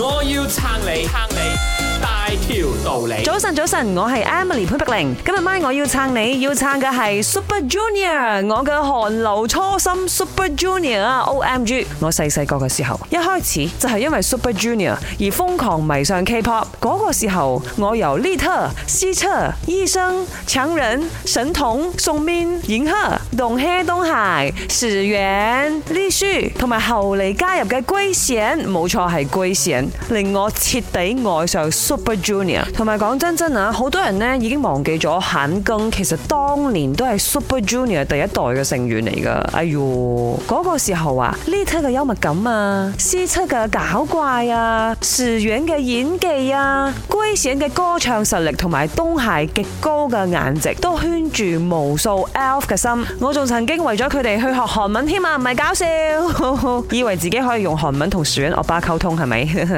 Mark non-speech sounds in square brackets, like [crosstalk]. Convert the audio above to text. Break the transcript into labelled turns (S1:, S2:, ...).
S1: 我要撐你撐你大條道理。早晨
S2: 早晨，我係 Emily 潘柏靈。今日晚上我要撐你，要撐嘅係 Super Junior。我嘅韓流初心 Super Junior 啊！OMG！我細細個嘅時候，一開始就係、是、因為 Super Junior 而瘋狂迷上 K-pop。嗰、那個時候，我由利特、希澈、醫生、強人、神童、宋빈、尹赫、동해동해、史원、리수同埋後嚟加入嘅圭賢，冇錯係圭賢。令我徹底愛上 Super Junior，同埋講真真啊，好多人呢已經忘記咗韓庚。其實當年都係 Super Junior 第一代嘅成員嚟噶。哎喲，嗰個時候啊，利特嘅幽默感啊，希澈嘅搞怪啊，始源嘅演技啊，圭賢嘅歌唱實力同埋東海極高嘅顏值，都圈住無數 ELF 嘅心。我仲曾經為咗佢哋去學韓文添啊，唔係搞笑， [laughs] 以為自己可以用韓文同始源歐巴溝通係咪？